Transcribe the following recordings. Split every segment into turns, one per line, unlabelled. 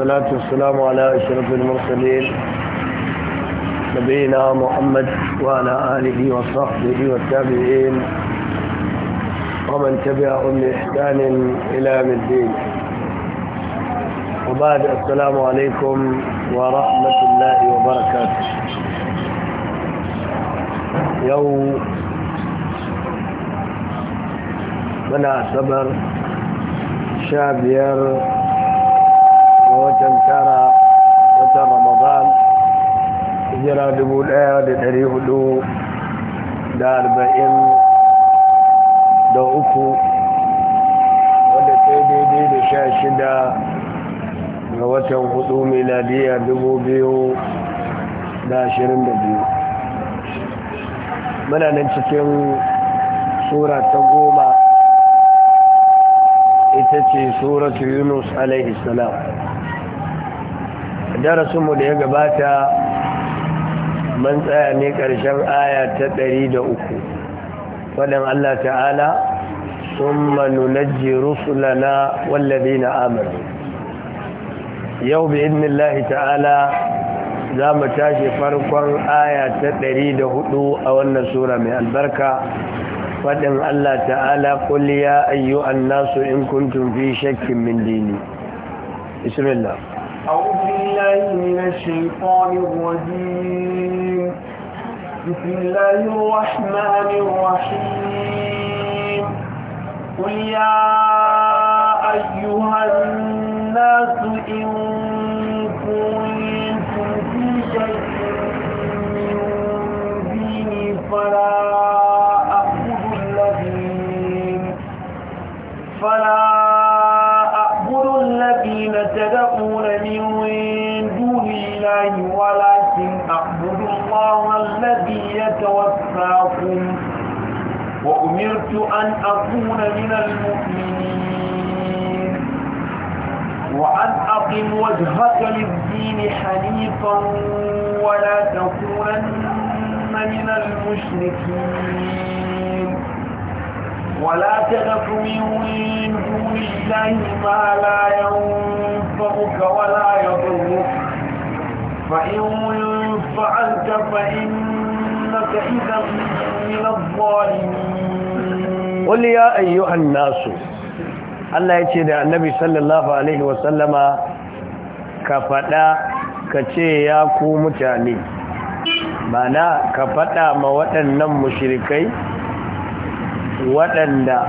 والصلاة والسلام على أشرف المرسلين نبينا محمد وعلى آله وصحبه والتابعين ومن تبعهم بإحسان إلى يوم الدين وبعد السلام عليكم ورحمة الله وبركاته يوم منع سبر شابير hijira dubu ɗaya da dari hudu da arba'in da uku wadda ta daidai da sha shida ga watan hudu miladiya dubu biyu da ashirin da biyu muna nan cikin sura ta goma ita ce suratu yunus alaihi salam darasinmu da ya gabata man tsaya ne ƙarshen aya ta ɗari da uku. faɗin Allah ta'ala sun manunajji rusulana wallabi na amurka yau ba idnillahi ta'ala za mu tashi farkon aya ta ɗari da hudu a wannan sura mai albarka faɗin Allah ta'ala kulli ya ayyu in kuntum fi shakkin min dini bismillah
أعوذ بالله من الشيطان الرجيم بسم الله الرحمن الرحيم قل يا أيها الناس إن
qul ya ayyuhan nasu Allah ya ce da annabi sallallahu alaihi wasallama ka fada ka ce ya ku mutane mana ka fada ma waɗannan mushrikai waɗanda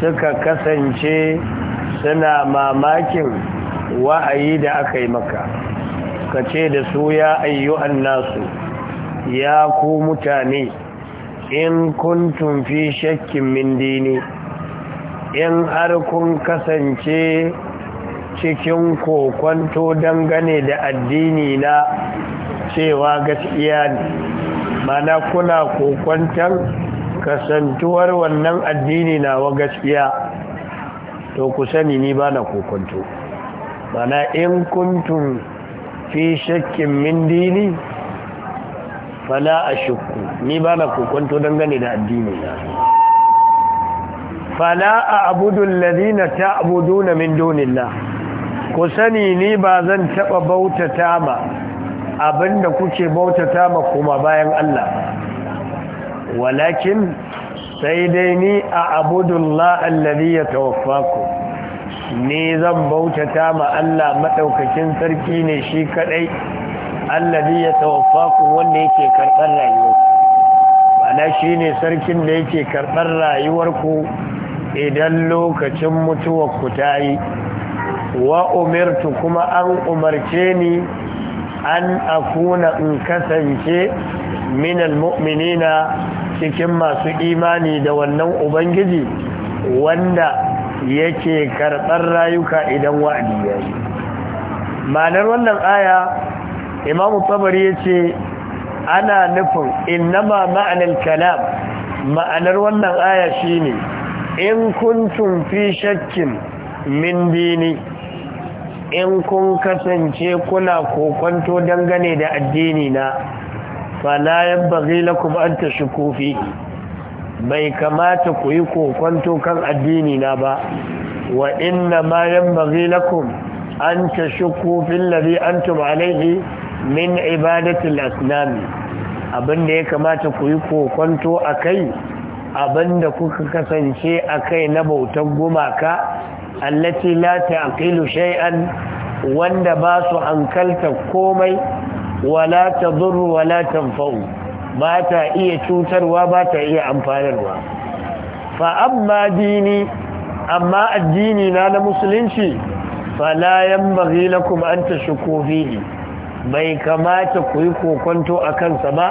suka kasance suna mamakin wa'ayi da aka yi maka ka ce da su ya ayyuhan nasu ya ku mutane in kuntum fi shakkin min dini in har kun kasance cikin kokwanto dangane da addini na cewa gaskiya ne mana kuna kokwantan kasantuwar wannan addini wa gaskiya to ku sani ni ba na kokwanto mana in kuntum fi shakkin min dini fala ashukku ni ba na kokonto dangane da addini na fala a'budu alladhina ta'buduna min ku sani ni ba zan taba bautata ma abinda kuke bautata ma kuma bayan Allah walakin sai dai ni a ya alladhi ku. ni zan bautata ma Allah madaukakin sarki ne shi kaɗai. allazi yatawaffakum wanda yake karɓar rayuwar bana shine sarkin da yake karɓar rayuwarku idan lokacin mutuwar ku ta yi wa umirtu kuma an umarce ni an akuna in kasance min almu'minina cikin masu imani da wannan ubangiji wanda yake karɓar rayuka idan wa'adi ya yi ma'anar wannan aya imamu tabari ya ce ana nufin innama ma'anar kalam ma'anar wannan aya shi ne in kun fi shakkin min dini in kun kasance kuna kokwanto dangane da addini na fala yabbaghi lakum an tashku fi bai kamata ku yi kokwanto kan addini na ba wa inna ma yabbaghi lakum an tashku fil ladhi antum alayhi min ibadatul asnami abinda ya kamata ku yi kokonto a kai abinda kuka kasance a kai na bautar gumaka allaci lati aqilu shay'an wanda ba su hankalta komai wala ta wala tanfa'u ba ta iya cutarwa ba ta iya amfanarwa fa amma dini amma addini na na musulunci fala yanbaghi lakum an tashku fihi bai kamata ku yi kokonto a kansa ba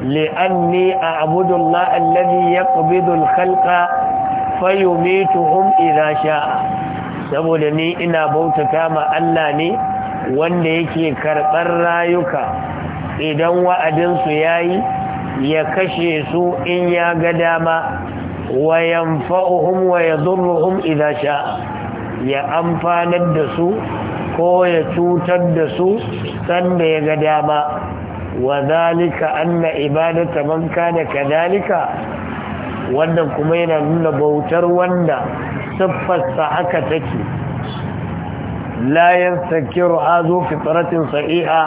li'anni a abudullah allazi yaqbidu al-khalqa fayumituhum idha sha'a saboda ni ina bautata ma Allah ne wanda yake karɓar rayuka idan wa'adinsu yayi ya kashe su in ya ga dama wa yanfa'uhum wa yadhurruhum idha sha'a ya amfanar da su ko ya cutar da su sanda ya ga dama wa zalika anna ibadata man kana kadalika wannan kuma yana nuna bautar wanda siffarsa haka take la yansakiru azu fitratin sahiha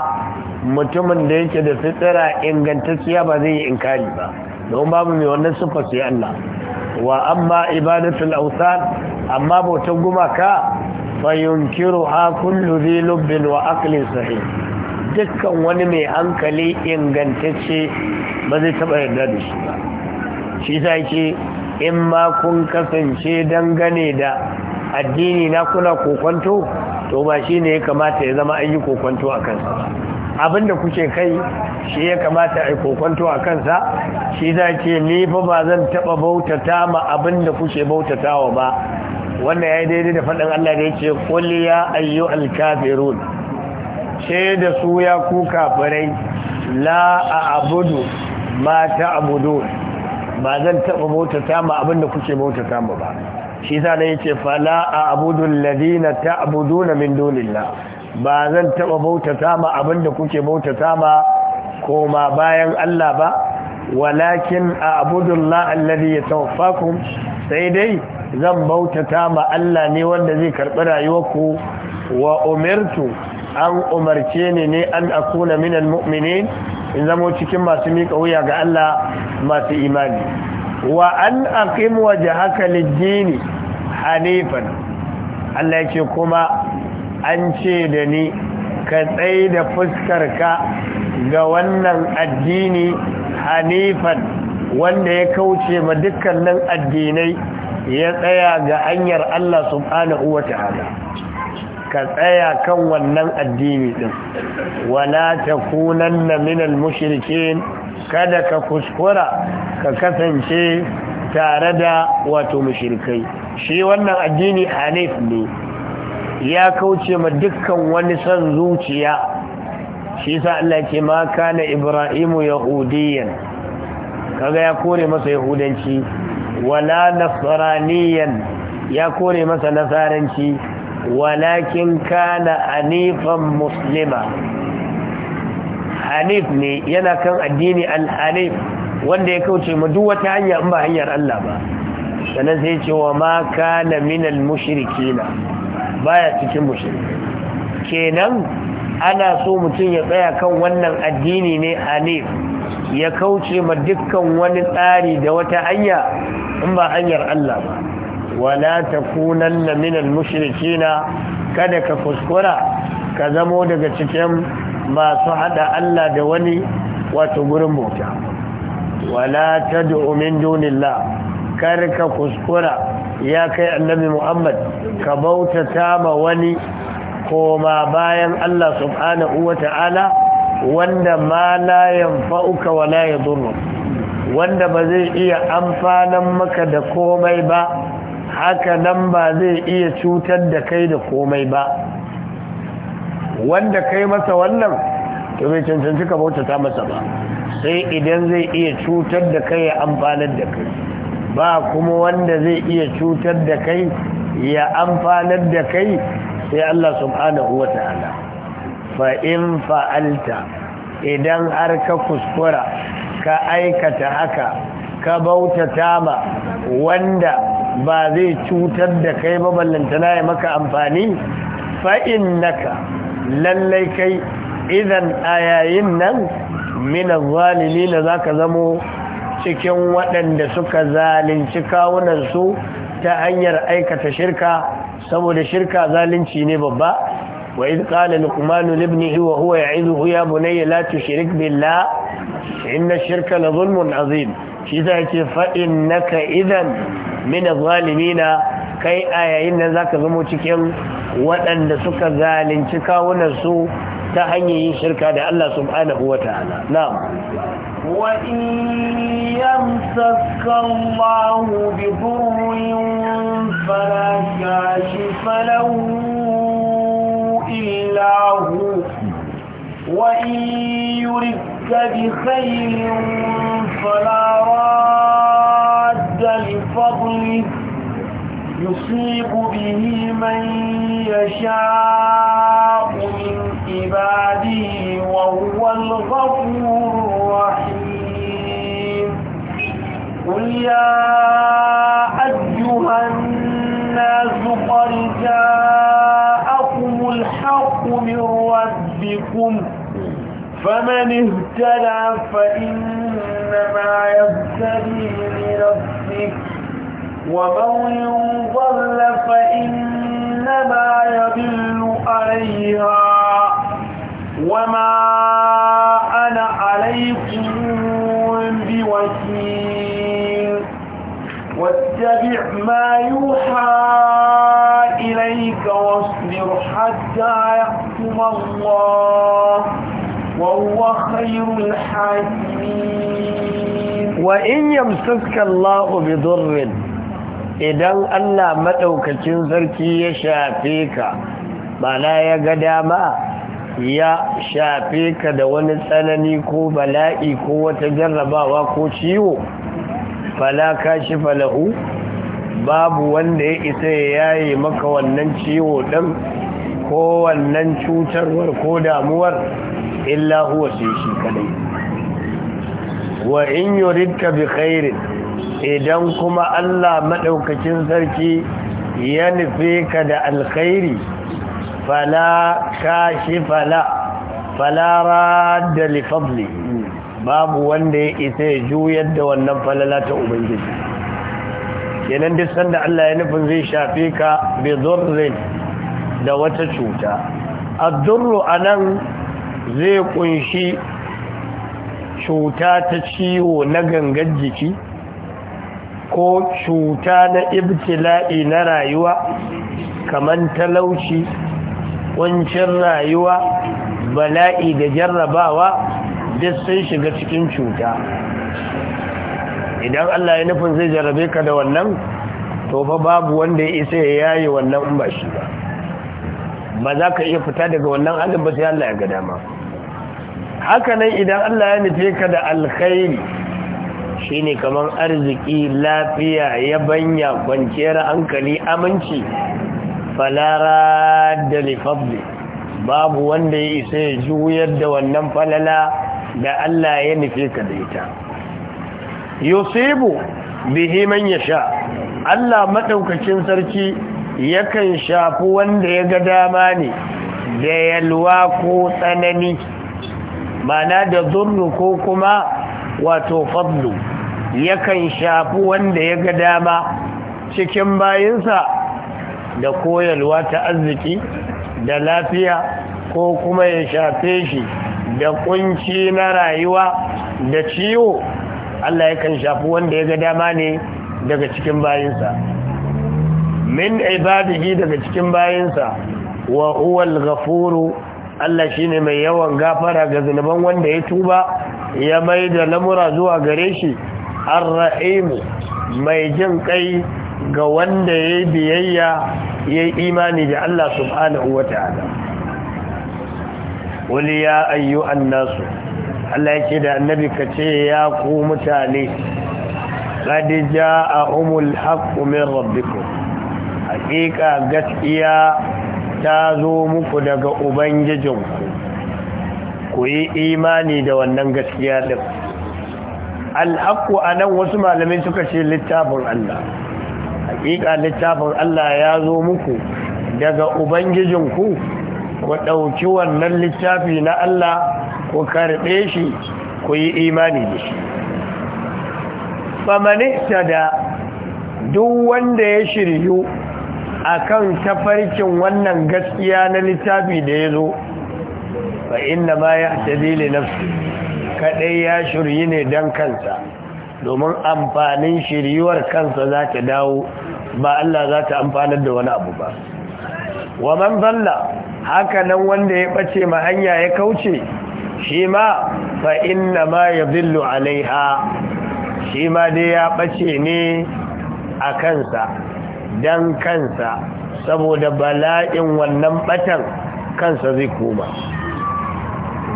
mutumin da yake da fitira ingantacciya ba zai yi inkari ba don babu mai wannan siffar sai Allah wa amma ibadatul awsan amma bautan gumaka ha kullu dhi lubbin wa aqlin sahih dukkan wani mai hankali ingantacce ba zai taba yarda da shi ba shi sai ki in ma kun kasance dangane da addini na kuna kokwanto?" to ba shine ya kamata ya zama an yi kokonto a kansa ba abinda kuke kai shi ya kamata a kokonto a kansa shi za ke ni fa ba zan taba bautata ma abinda kuke bautatawa ba wannan ya yi daidai da faɗin Allah da ya ce qul ya ayyuhal ce da su ya kuka kafirai la a'budu ma abudu ba zan taba bautata ma abinda kuke bautata ma ba shi za ne ya ce ta a'budu na na min dunillah ba zan taɓa bautata ma da kuke bautata ma koma bayan Allah ba walakin a abudullah alladhi yatawaffakum sai dai zan bautata ma Allah ne wanda zai karɓi rayuwarku wa umirtu an umarce ni ne an akuna minal mu'minin in zamo cikin masu miƙa wuya ga Allah masu imani wa an aqim wajhaka lid-din hanifan Allah yake kuma an ce da ni ka tsaye da fuskarka ga wannan addini hanifan wanda ya kauce ma dukkanin addinai ya tsaya ga hanyar Allah subhanahu wa ta'ala ka tsaya kan wannan addini din wala takunanna minal mushrikin kada ka kuskura ka kasance tare da wato mushrikai shi wannan addini hanif ne ya kauce ma dukkan wani san zuciya shi sa Allah ce ma kana ibrahimu yahudiyan kaga ya kore masa yahudanci wala nasraniyan ya kore masa nasaranci walakin kana anifan muslima hanif ne yana kan addini al-hanif wanda ya kauce ma duk wata hanya in ba hanyar Allah ba sannan sai ce wa ma kana minal mushrikina baya cikin mushrikai kenan ana so mutum ya tsaya kan wannan addini ne a nef. ya kauce ma dukkan wani tsari da wata hanya in ba hanyar Allah ba wala takunanna minal na, kada ka kuskura ka zamo daga cikin masu hada Allah da wani wato gurin mota. wala tad'u min dunillah kar kuskura ya kai annabi muhammad ka bautata ma wani koma bayan allah subhanahu wa ta'ala wanda ma la yanfa'uka wa la yadurru wanda ba zai iya amfanan maka da komai ba haka nan ba zai iya cutar da kai da komai ba wanda kai masa wannan to bai cancanci ka bautata masa ba sai idan zai iya cutar da kai ya amfanar da kai ba kuma wanda zai iya cutar da kai ya amfanar da kai sai Allah subhanahu wa ta'ala fa fa'alta idan har ka kuskura ka aikata haka ka bautata ma wanda ba zai cutar da kai ba ya maka amfani Fa'in naka. lallai kai idan a yayin nan min zalili na ka zamo cikin waɗanda suka zalunci kawunansu ta hanyar aikata shirka saboda shirka zalunci ne babba wa kala qala luqman li ibnihi wa huwa ya bunayya la tushrik billah inna shirka la zulmun azim shi da yake fa innaka idan min zalimina kai a yayin nan zaka zamo cikin waɗanda suka zalunci kawunansu ta hanyar yin shirka da Allah subhanahu wa ta'ala na'am
وإن يمسك الله بضر فلا كاشف له إلا هو وإن يردك بخير فلا راد لفضله يصيب به من يشاء قل يا أيها الناس قد جاءكم الحق من ربكم فمن اهتدى فإنما يهتدي لنفسه ومن ضل فإنما يضل عليها وما واتبع ما يوحى إليك واصبر حتى يحكم الله وهو خير
الحاكمين
وإن يمسك الله بضر idan Allah maɗaukacin sarki ya shafe ka mana ya ga dama ya shafe ka da wani tsanani ko bala'i ko wata jarrabawa ko ciwo fala kashi falahu babu wanda ya isa ya yaye maka wannan ciwo ɗan, ko wannan cutarwar ko damuwar illa huwa sai shi kadai wa in yuridka bi khairin idan kuma Allah madaukakin sarki ya nufe ka da alkhairi fala kashi fala fala radda li fadlihi babu wanda ya isa ya juyar da wannan falala ta ubangiji kenan duk sanda Allah ya nufin zai shafe ka bi zurrin da wata cuta a anan zai kunshi cuta ta ciwo na gangan jiki ko cuta na ibtila'i na rayuwa kamar talauci kuncin rayuwa bala'i da jarrabawa duk sai shiga cikin cuta idan Allah ya nufin zai jarabe ka da wannan to fa babu wanda ya isa ya yayi wannan in ba ba ba za ka iya fita daga wannan halin ba sai Allah ya ga dama haka idan Allah ya nufe ka da alkhairi shine kamar arziki lafiya ya banya kwanciyar hankali aminci falara da lifabli babu wanda ya isa ya juyar da wannan falala da Allah ya nufe ka da ita yusibu bihi man sha. Allah maɗaukacin sarki yakan shafi wanda ya ga dama ne da yalwa ko tsanani mana da zurnu ko kuma wato fadlu yakan shafi wanda ya ga dama cikin bayansa da koyalwa ta arziki da lafiya ko kuma ya shafe shi da kunci na rayuwa da ciwo Allah ya kan shafi wanda ya ga dama ne daga cikin bayinsa min ibadihi daga cikin bayinsa wa huwal ghafuru Allah shine mai yawan gafara ga zunuban wanda ya tuba ya mai da lamura zuwa gare shi ar-rahim mai jin kai ga wanda ya biyayya yayi imani da Allah subhanahu wataala wani ya ayyu annasu Allah ya ce da annabi ka ce ya ku mutane ƙadi a umul haƙƙu min rabbiku haƙiƙa gaskiya ta zo muku daga ubangijinku ku yi imani da wannan gaskiya ɗin alhaƙu a nan wasu malamai suka ce littafin Allah haƙiƙa littafin Allah ya zo muku daga ubangijinku ku ɗauki wannan littafi na Allah ku karɓe shi ku yi imani da shi famanista da duk wanda ya shiryu a kan tafarkin wannan gaskiya na littafi da ya zo ba inda ma ya tadili nafsu kaɗai ya shiryu ne don kansa domin amfanin shiryuwar kansa za ta dawo ba Allah za ta amfanar da wani abu ba wa man zalla haka nan wanda ya bace ma hanya ya kauce shi ma fa inna ma yadhillu alaiha shi ma dai ya bace ne a kansa dan kansa saboda bala'in wannan batan kansa zai koma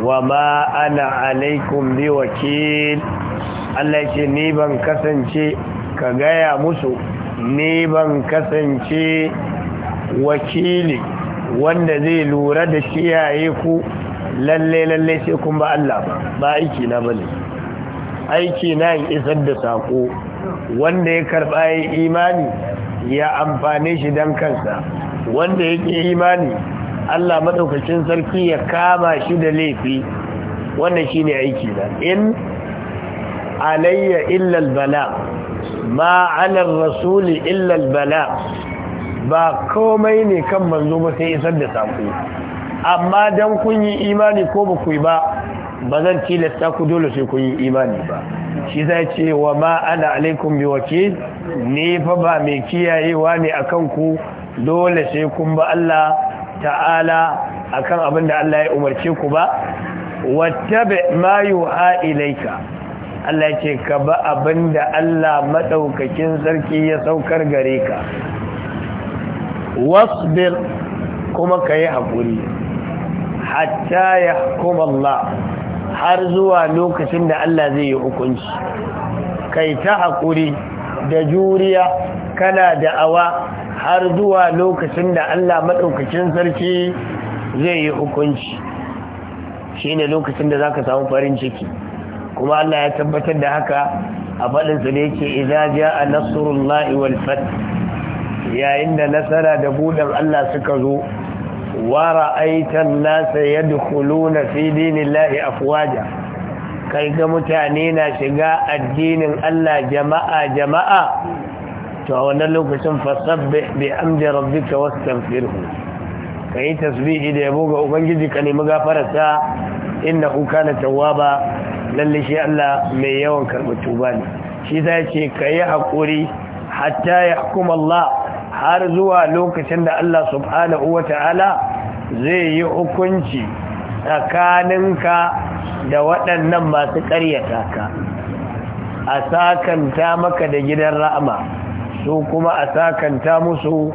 wa ma ana alaikum bi wakil Allah ce ni ban kasance ka gaya musu ni ban kasance wakili wanda zai lura da kiyaye ku lalle lalle sai kun ba Allah ba ba aiki na bane aiki na in isar da sako wanda ya karba ya imani ya amfane shi dan kansa wanda yake imani Allah madaukakin sarki ya kama shi da laifi wannan shine aiki na in alayya illa bala ma ala rasuli illa bala ba komai ne kan manzo ba sai isar da saƙo amma dan kun yi imani ko ba ku yi ba ba zan tilasta ku dole sai kun yi imani ba shi zai ce wa ma ana alaikum bi wakil ne fa ba mai kiyayewa ne akan ku dole sai kun ba Allah ta'ala akan abin da Allah ya umarce ku ba wattabi ma yuha ilaika Allah ce ka ba abin da Allah madaukakin sarki ya saukar gare ka wasbir kuma ka yi haƙuri hatta ya hukuma Allah har zuwa lokacin da Allah zai yi hukunci kai ta haƙuri da juriya kana da awa har zuwa lokacin da Allah maɗaukacin sarki zai yi hukunci shi ne lokacin da za ka samu farin ciki kuma Allah ya tabbatar da haka a faɗinsa da yake idan ja a nasarullahi wal yayin da nasara da buɗin Allah suka zo wa ra'aitan nasa dukulu na dinillahi afwaja kai ga mutane na shiga addinin Allah jama'a jama'a to a wannan lokacin fasabbih bi amdi rabbika wastaghfirhu kai tasbihi da yabo ga ubangiji ka nemi gafararsa innahu kana tawwaba lalle shi Allah mai yawan karɓar tuba ne shi zai ce kai hakuri hatta yahkum Allah har zuwa lokacin da Allah subhanahu wa ta'ala zai yi hukunci tsakaninka da waɗannan masu ƙaryata ka a sakanta maka da gidan rama, su kuma a sakanta musu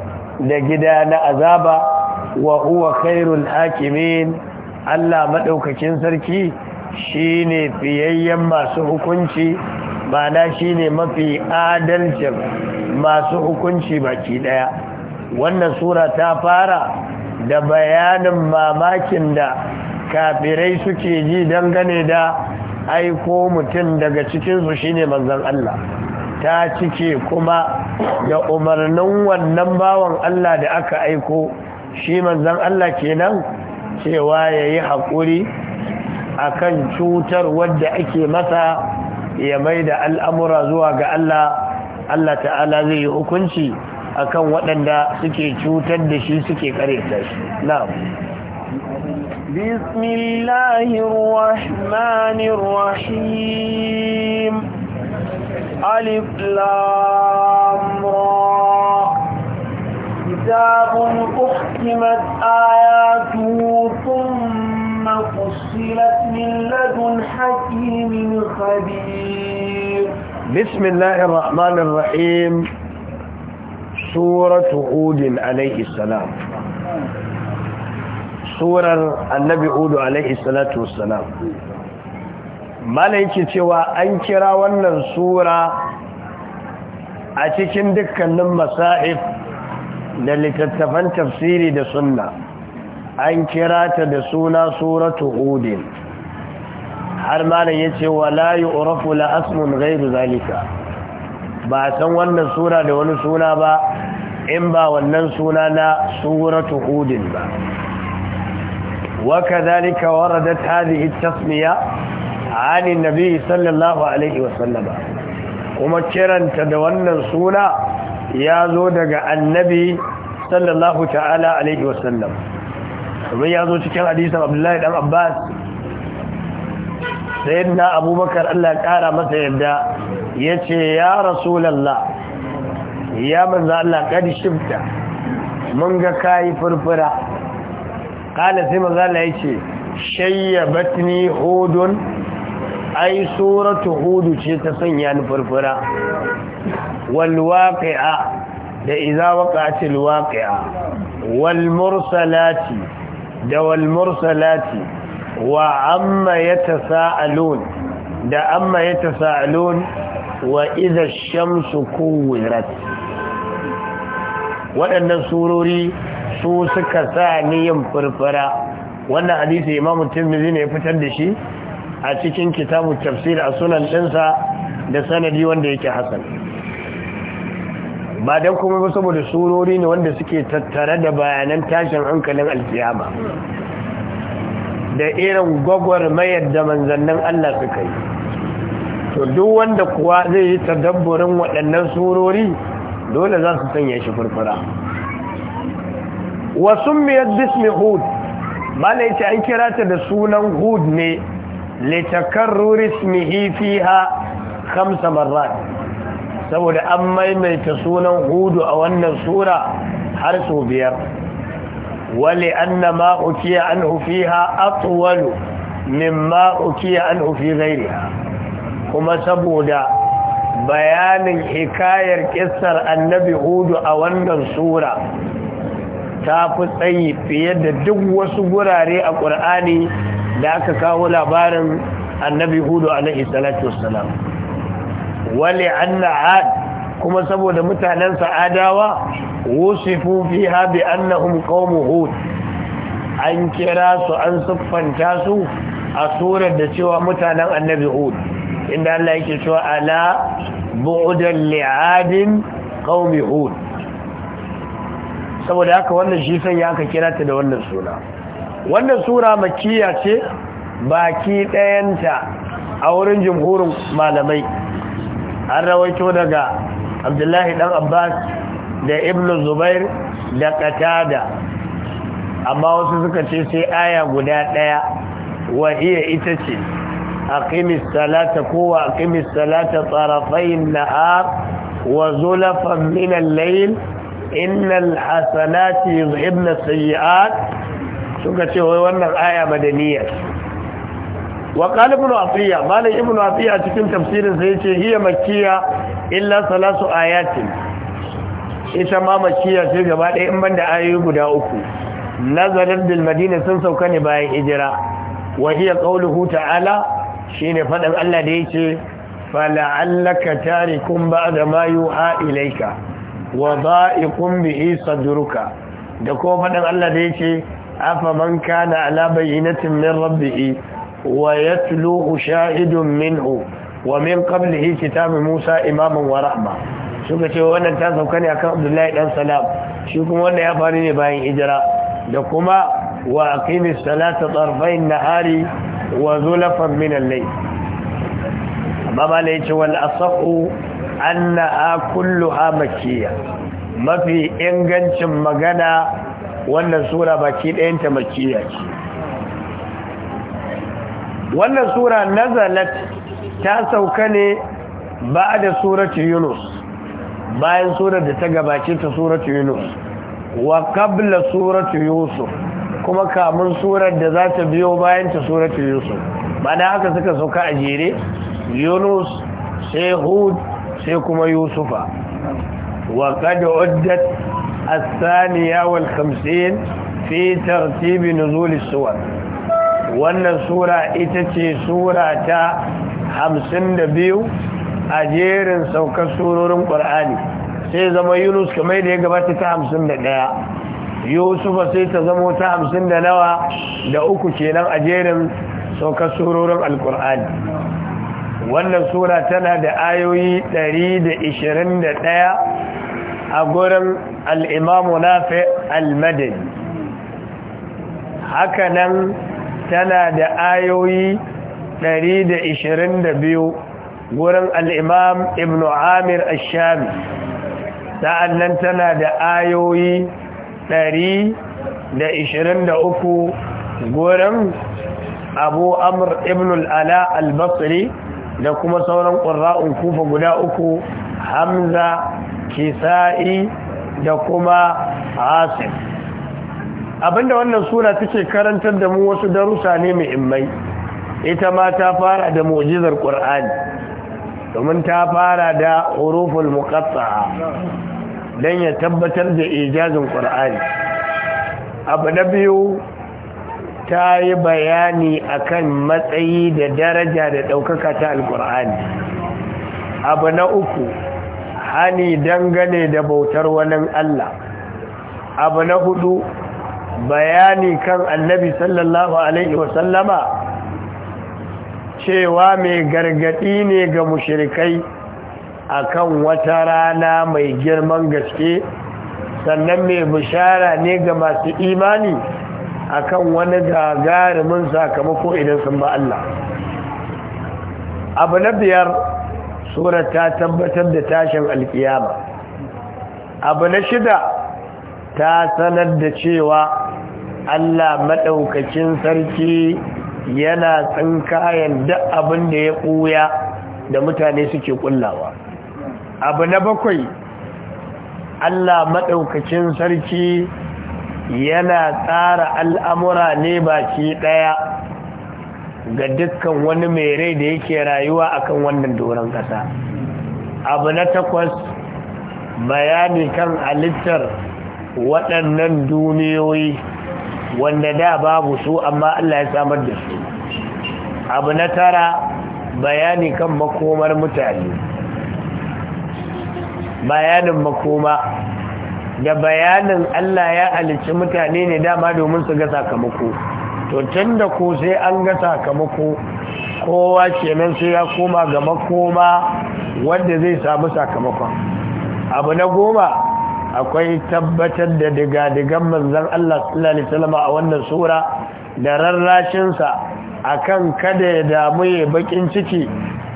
da gida na azaba wa huwa khairul hakimin Allah maɗaukakin sarki shi ne fiyayyen masu hukunci ba na shi ne mafi adalcin masu hukunci baki daya wannan sura ta fara da bayanin mamakin da kafirai suke ji dangane da aiko mutum daga cikinsu shine manzon Allah ta cike kuma da umarnin wannan bawan Allah da aka aiko shi manzon Allah kenan cewa yayi hakuri kan cutar wadda ake masa ya mai da al'amura zuwa ga Allah Allah ta'ala zai yi hukunci akan waɗanda suke cutar da shi suke karyata shi na'am
bismillahir rahmanir rahim alif lam ra كتاب أحكمت آياته ثم فصلت من لدن حكيم خبير
بسم الله الرحمن الرحيم سورة هود عليه السلام سورة النبي هود عليه الصلاة والسلام ما ليك سوى أنكرا وأن سورة أتكن دكا نم صاحب للتتفن تفسيري دا سنة أنكرات دا سورة هود har malam ya ce wa la yi urafu la asmun gairu zalika ba san wannan suna da wani suna ba in ba wannan suna na suratu hudin ba waka zalika wara da ta zai yi tasmiya a hannun nabi sallallahu alaihi wasallama kuma kiranta da wannan suna ya zo daga annabi sallallahu ta'ala alaihi wasallam kuma ya zo cikin hadisar abdullahi dan abbas sayyidina abubakar Allah ƙara kara masa yadda ce ya rasulullah ya manzo Allah kadi shifta mun ga furfura kala sai manzo Allah yace shayyabatni hudun ai suratu hudu ce ta sanya ni furfura walwaƙi'a da idza waqa'atil walmursalati da walmursalati. wa amma ya tasa'alun da amma ya tasa'alun wa iza shamsu kuwirat waɗannan surori su suka sa ni yin furfura wannan hadisi imamu tirmidhi ne ya fitar da shi a cikin kitabu tafsir a sunan ɗinsa da sanadi wanda yake hasan ba don kuma ba saboda surori ne wanda suke tattare da bayanan tashin hankalin ba da irin gwagwar mayar da manzannin Allah suka yi to duk wanda kuwa zai yi tadabburin waɗannan surori dole za su sanya shi furfura wasu miyar disney hud ba na an kira ta da sunan hud ne litakarruri smihi fiha khamsa marrat saboda an maimaita sunan hudu a wannan sura har sau biyar wale anna ma ukiya an hufi ha atuwalu mimma ukiya an hufi zairi kuma saboda bayanin hikayar kisar annabi hudu a wannan sura ta fi tsayi fiye da duk wasu gurare a ƙur'ani da aka kawo labarin annabi hudu a na'i salatu wasalam wale anna kuma saboda mutanen sa'adawa wusifu fiha bi annahum qaumu hud an kira su an siffanta su a surar da cewa mutanen annabi hud inda Allah yake cewa ala bu'udan li'adin qaumi hud saboda haka wannan shi sai ya aka kira ta da wannan sura wannan sura makkiya ce baki dayanta a wurin jumhurin malamai an rawaito daga Abdullahi dan Abbas da Ibnu zubair da katada amma wasu suka ce sai aya guda daya wa iya ita ce aqimis salata kowa wa aqimis salata tarafayn nahar wa zulafan min al-layl innal hasanati yuzhibna suka ce wai wannan aya madaniya wa qala ibn atiya malam ibn cikin tafsirin sa yace hiya makkiya illa salasu ayatin ita ma makiya ce gaba ɗaya in banda ayoyi guda uku nazarin bilmadina sun sauka ne bayan hijira wa hiya qawluhu Shi shine faɗin Allah da yake fala'allaka ba ba'da mayu a ilaika, wa da'iqum bihi sadruka da kuma faɗin Allah da yake afa man kana ala bayyinatin min rabbihi wa yatluhu shahidun minhu wa min qablihi kitab Musa imaman wa rahma suka ce wannan ta sauka ne akan abdullahi dan salam shi kuma wanda ya faru ne bayan hijira da kuma wa aqimi salata tarfain nahari wa zulafan min al-layl amma ba la yace wal asahu annaha kulluha makkiyya mafi ingancin magana wannan sura baki ɗayanta makkiyya ce wannan sura nazalat ta sauka ne ba da suratu yunus bayan surar da ta gabace ta suratu yunus wa qabla suratu yusuf kuma kamun surar da za ta biyo bayan ta suratu yusuf mana haka suka sauka a jere yunus sai hud sai kuma yusufa wa qad uddat الثانية والخمسين في ترتيب نزول السور wannan sura ita ce sura ta 52 a jerin saukar surorin ƙwar'ani sai zama yunus kamar da ya gabata ta hamsin da ɗaya yusufa sai ta zama ta hamsin da nawa da uku kenan a jerin saukar surorin alƙwar'ani wannan sura tana da ayoyi 121 a gurin al'imamu nafi al-madani nan tana da ayoyi 122 gurin al'imam ibn amir ashami sa'annan tana da ayoyi 123 gurin abu amur ibn al'ala al-basri da kuma sauran ƙura'un kufa guda uku hamza kisa'i da kuma asif abinda wannan sura take karantar da mu wasu darussa ne mai immai ita ma ta fara da mu'jizar ƙur'ani domin ta fara da huruful muqatta'a dan ya tabbatar da ijazin qur'ani abu na biyu ta yi bayani akan matsayi da daraja da ɗaukaka ta alƙur'ani abu na uku hani dangane da bautar wani Allah abu na hudu bayani kan annabi sallallahu alaihi wasallama cewa mai gargadi ne ga mushrikai akan wata rana mai girman gaske sannan mai bishara ne ga masu imani akan wani gagarumin sakamako idan sun ba Allah abu na biyar surat ta tabbatar da tashin alkiyama abu na shida ta sanar da cewa Allah maɗaukacin sarki yana tsinkayan duk abin da ya ɓuya da mutane suke ƙullawa abu na bakwai Allah maɗaukacin sarki yana tsara al'amura ne baki ɗaya ga dukkan wani mai rai da yake rayuwa akan wannan doron ƙasa abu na takwas bayani kan halittar waɗannan duniyoyi wanda da babu su amma Allah ya samar da su abu na tara bayani kan makomar mutane bayanin makoma da bayanin Allah ya halicci mutane ne dama domin su ga sakamako to tun da ko sai an ga sakamako kowa kenan sai ya koma ga makoma wanda zai samu sakamakon abu na goma akwai tabbatar da diga-digan manzan Allah sallallahu alaihi wasallam a wannan sura da rarrashinsa akan kada ya damu ya bakin ciki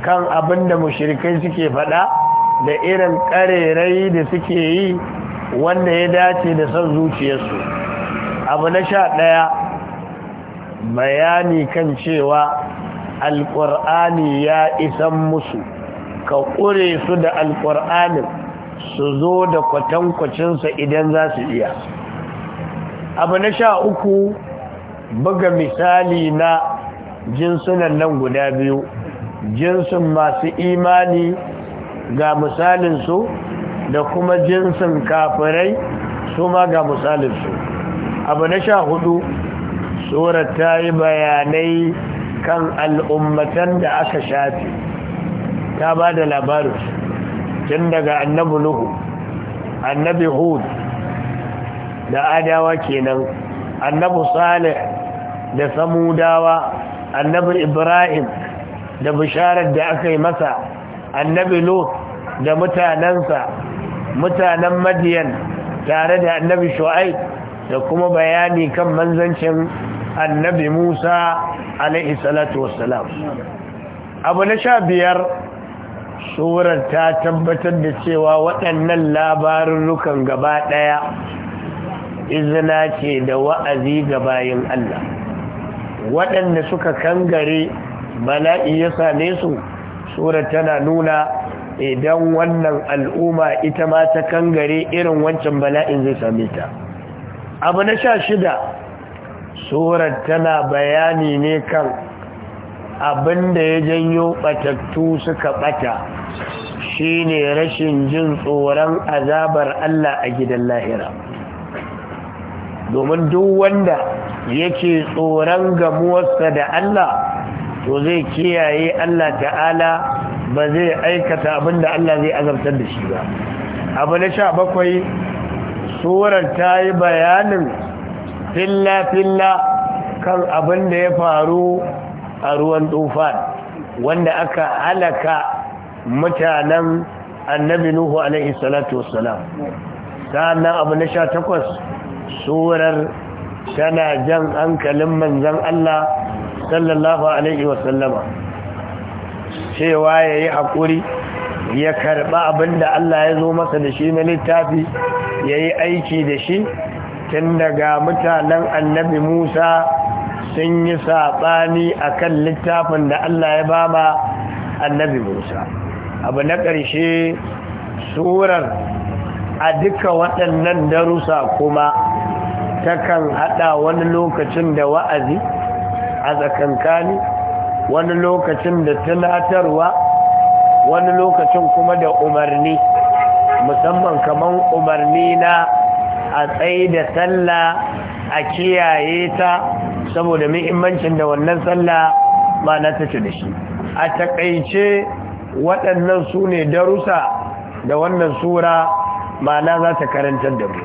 kan abin da mushrikai suke faɗa da irin ƙarerai da suke yi wanda ya dace da son zuciyarsu abu na sha ɗaya bayani kan cewa alƙur'ani ya isan musu ka ƙure su da alƙur'anin su zo da kwatankwacinsa idan za su iya abu na sha uku buga misali na jinsunan nan guda biyu jinsin masu imani ga misalinsu da kuma jinsin kafirai su ma ga misalinsu abu na sha hudu tsorar ta yi bayanai kan al'ummatan da aka shafi ta ba da labarinsu tun daga annabi nuhu annabi hud da adawa kenan annabi salih da samudawa annabi ibrahim da bisharar da aka yi masa annabi Lut, da mutanansa, mutanen madiyan tare da annabi shu'aib da kuma bayani kan manzancin annabi musa alaihi salatu wassalam abu na sha biyar surar ta tabbatar da cewa waɗannan labarurrukan gaba ɗaya izina ce da wa'azi ga bayan Allah waɗanda suka kangare bala'i ya same su surar tana nuna idan wannan al'umma ita ma ta kangare irin wancan bala'in zai same ta abu na sha shida surar tana bayani ne kan abinda ya janyo batattu suka bata shine rashin jin tsoron azabar Allah a gidan lahira domin duk wanda yake tsoron gamuwarsa da Allah to zai kiyaye Allah ta'ala ba zai aikata abinda Allah zai azabtar da shi ba abu na sha bakwai surar ta yi bayanin filla-filla kan abin da ya faru a ruwan tufan wanda aka halaka mutanen annabi nuhu alaihi salatu wassalam sa'annan abu na sha takwas surar tana jan hankalin manzan Allah sallallahu alaihi wasallama cewa ya yi haƙuri ya karɓa abin da Allah ya zo masa da shi na littafi ya yi aiki da shi tun daga mutanen annabi musa sun yi saɓani a kan littafin da Allah ya ba ma annabi Musa abu na ƙarshe surar a duka waɗannan darussa kuma takan haɗa wani lokacin da wa'azi a tsakankani wani lokacin da tunatarwa wani lokacin kuma da umarni musamman kamar umarni na a tsaye da sallah a kiyaye ta saboda muhimmancin da wannan sallah ma na tace da shi a takaice waɗannan su ne da wannan sura na za ta karantar da mu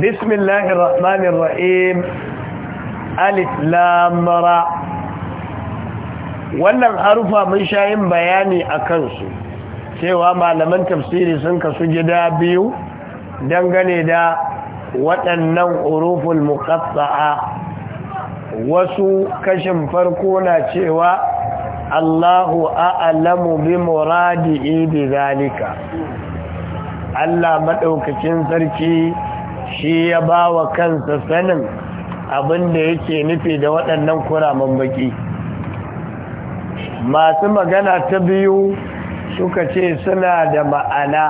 bismillahir rahmanir rahim alif lam ra wannan harufa mun sha yin bayani akan su cewa malaman tafsiri sun kasu gida biyu dangane da waɗannan huruful muqatta'a wasu kashin farko na cewa Allahu a'lamu bi muradi bi zalika Allah maɗaukacin sarki shi ya bawa kansa sanin abinda yake nufi da waɗannan kuraman baki masu magana ta biyu suka ce suna da ma'ana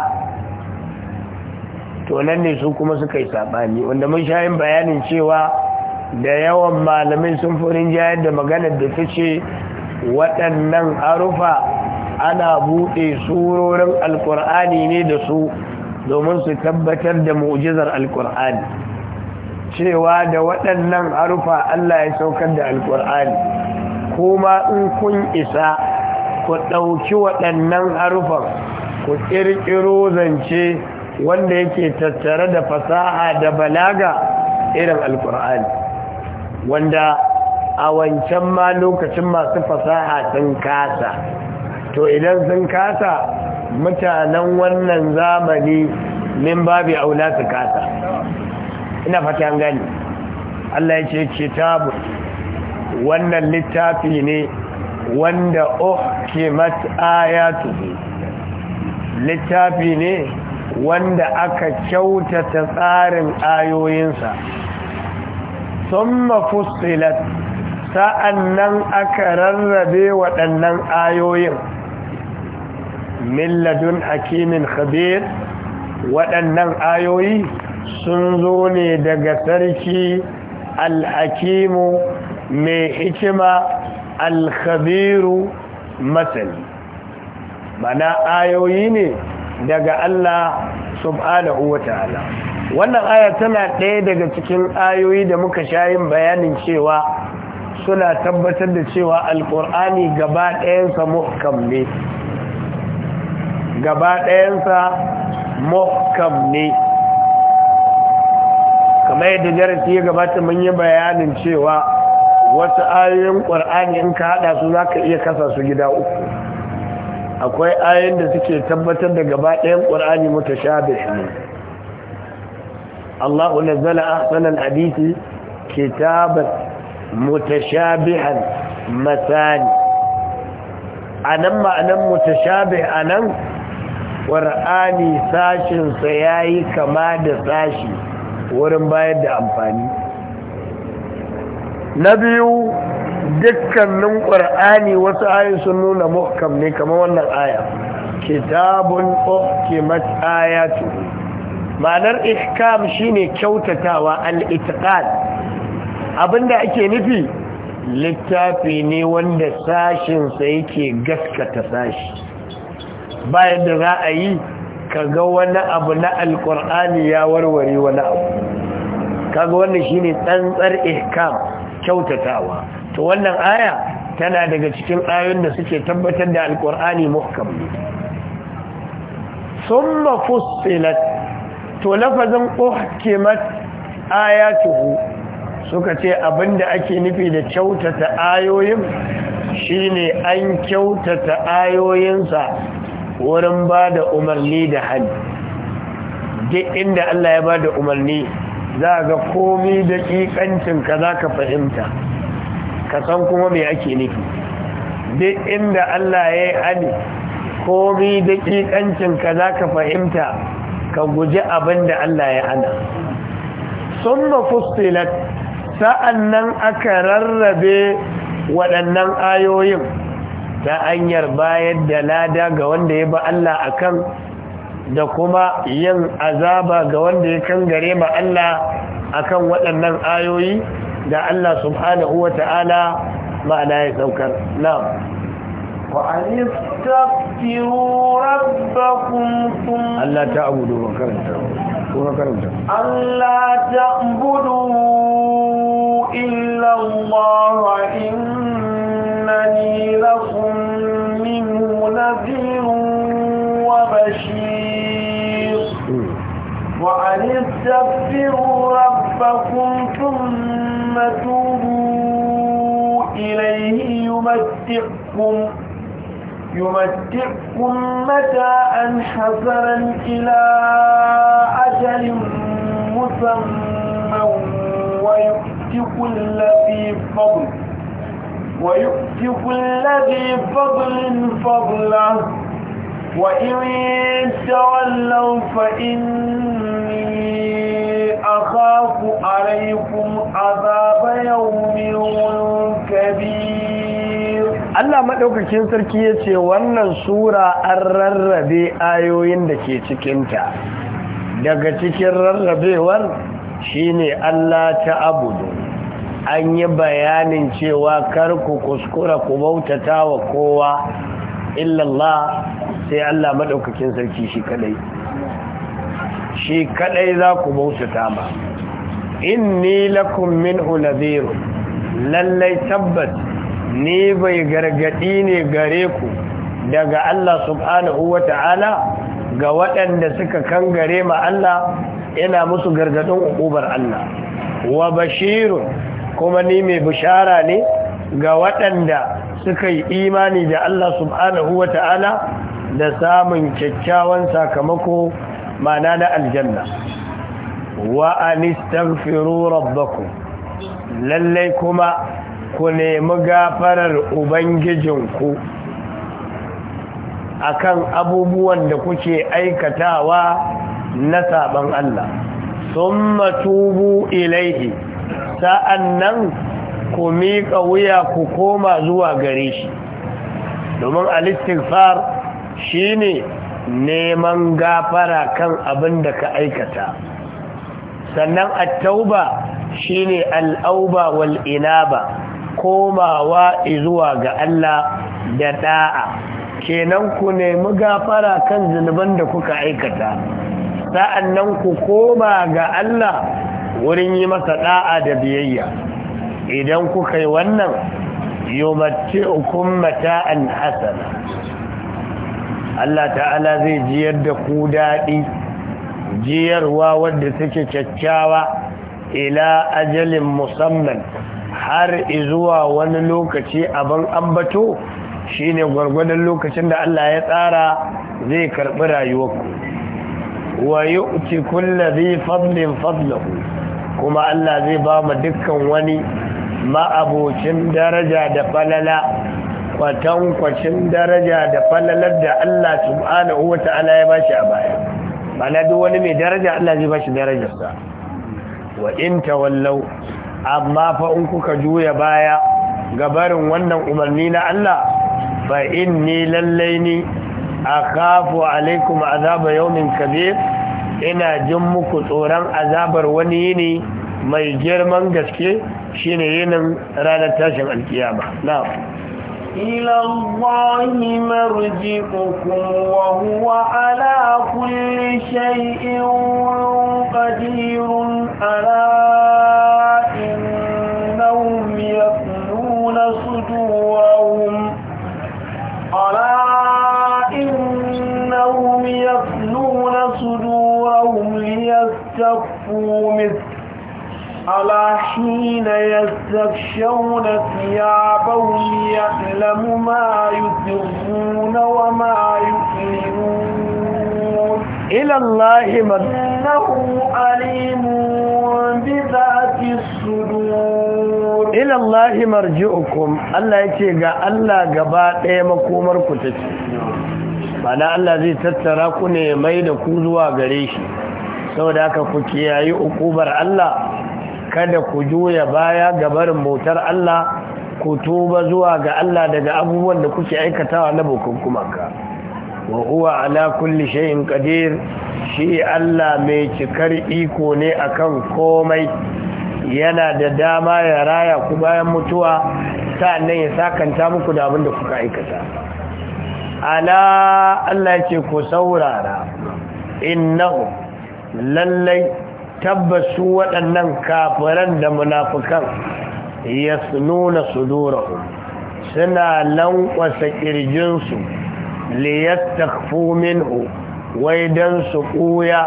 to nan ne su kuma suka yi saɓani wanda mun sha yin bayanin cewa da yawan malamai sun furin jayar da maganar da ta ce waɗannan harufa ana buɗe surorin alkur'ani ne da su domin su tabbatar da mu'jizar alkur'ani cewa da waɗannan harufa Allah ya saukar da alkur'ani kuma in kun isa ku ɗauki waɗannan harufan ku ƙirƙiro zance wanda yake tattare da fasaha da balaga irin alkur'ani wanda a wancan ma lokacin masu fasaha sun kasa to idan sun kasa mutanen wannan zamani min babi aula su kasa ina fatan gani Allah ya ce kitabu wannan littafi ne wanda Oh uhkimat ayatuhu littafi ne wanda aka kyautata tsarin ayoyinsa sun mafusilat sa'annan aka rarrabe waɗannan ayoyin milladun hakimin khabir waɗannan ayoyi sun zo ne daga sarki alakimu mai hikima alkhabiru masani mana ayoyi ne daga Allah subhanahu wa ta'ala wannan aya tana ɗaya daga cikin ayoyi da muka shayin bayanin cewa suna tabbatar da cewa alkur'ani gaba ɗayansa muhkam ne gaba ɗayansa mukam ne kamar yadda jarasi ya gabata mun yi bayanin cewa wasu ayoyin ƙwar'ani in ka haɗa su za ka iya kasa su gida uku akwai ayoyin da suke tabbatar da gaba ɗayan ƙwar'ani mutashabih ne الله نزل أحسن الحديث كتابا متشابها مثاني أنم أنم متشابه أنم ƙwar'ani sashinsa ya yi kama da sashi wurin bayar da amfani na biyu dukkanin ƙwar'ani wasu ayin sun nuna muhkam ne kamar wannan aya kitabun ƙoƙi matsaya ma'anar ihkam shine kyautatawa al abinda ake nufi littafi ne wanda sashin sa yake gaskata sashi bayan da za a yi kaga wani abu na alkur'ani ya warware wani abu kaga wannan shine tsantsar ihkam kyautatawa to wannan aya tana daga cikin ayoyin da suke tabbatar da alkur'ani muhkam ne summa fussilat to lafazin uhkimat ayatuhu suka ce abinda ake nufi da kyautata ayoyin shine an kyautata ayoyinsa wurin ba da umarni da hali duk inda Allah ya ba da umarni za ga komi da ƙiƙancinka za ka fahimta ka san kuma mai ake nufi duk inda Allah ya yi hali komi da ƙiƙancinka za ka fahimta ka guji abin da Allah ya hana sun mafustilat sa'annan aka rarrabe waɗannan ayoyin ta hanyar bayar da lada ga wanda ya ba Allah akan da kuma yin azaba ga wanda ya gare ma Allah akan waɗannan ayoyi da Allah subhanahu wa ta'ala ma'ana ya saukar na'am
وأن استغفروا ربكم ثم ألا
تعبدوا وكرمت
ألا تعبدوا إلا الله إنني لكم منه نذير وبشير وأن استغفروا ربكم ثم توبوا إليه يمتعكم يمتعكم متاء حسنا إلى أجل مسمى ويؤتك الذي فضل ويؤتك الذي فضل فضله وإن تولوا فإني أخاف عليكم عذاب يوم
maɗaukakin sarki ya ce wannan sura an rarrabe ayoyin da ke cikinta daga cikin rarrabewar shi ne Allah ta abudu an yi bayanin cewa kar ku kuskura ku bautata wa kowa illallah sai Allah maɗaukakin sarki shi kadai shi kadai za ku bautata ma ni lakun min hulabiru lallai tabbas ni bai gargadi ne gare ku daga Allah subhanahu wa ta'ala ga waɗanda suka kangare ma Allah ina musu gargadin ubar Allah wa Bashiru kuma ni mai bishara ne ga waɗanda suka yi imani da Allah subhanahu wa ta'ala da samun kyakkyawan sakamako mana na aljanna wa anistaghfiru rabbakum lallai kuma ku nemi gafarar ubangijinku akan abubuwan da kuke aikatawa na saɓan Allah sun matubu ilaihi nan ku miƙa wuya ku koma zuwa gare shi domin shi shine neman gafara kan abin da ka aikata sannan attauba tauba shine al-auba inaba komawa zuwa ga Allah da da'a kenan ku nemi gafara kan zunuban da kuka aikata sa'annan ku koma ga Allah wurin yi masa da'a da biyayya idan kuka yi wannan yumatti'ukum mata'an hasana Allah ta'ala zai jiyar da ku daɗi jiyarwa wadda take kyakkyawa ila ajalin musamman har izuwa wani lokaci abin ambato shine gwargwadon lokacin da Allah ya tsara zai karɓi rayuwarku wa yu'ti kulli dhi fadlin fadlahu kuma Allah zai ba mu dukkan wani ma'abocin daraja da falala kwatankwacin daraja da falalar da Allah subhanahu Ta'ala ya bashi a baya bana duk wani mai daraja Allah zai bashi darajarsa wa in tawallau amma fa in kuka juya baya gabarin wannan umarni na Allah fa inni lallai ni akhafu alaikum azaba yawmin kabir ina jin muku tsoron azabar wani yini mai girman gaske shine yinin ranar tashin alkiyama na
ila Allah marji'ukum wa huwa kulli يخشون ثيابهم يعلم ما يسرون وما يكلمون
إلى الله من
إنه عليم بذات الصدور إلى
الله مرجعكم الله يتيقى الله قباء ايمكم مركتك ma'ana Allah zai tattara ku ne mai da ku zuwa gare shi saboda haka ku kiyayi ukubar Allah kada ku juya baya ga barin bautar Allah ku tuba zuwa ga Allah daga abubuwan da kuke aikatawa na bukun kumanka wa huwa ala kulli shay'in qadir shi Allah mai cikar iko ne akan komai yana da dama ya raya ku bayan mutuwa sannan ya sakanta muku da abin da kuka aikata ala Allah ce ku saurara innahu lallai tabbas su waɗannan kafiran da munafukan ya nuna sudurahu suna lankwasa ƙirjinsu liyattakfu minhu wai don su ƙuya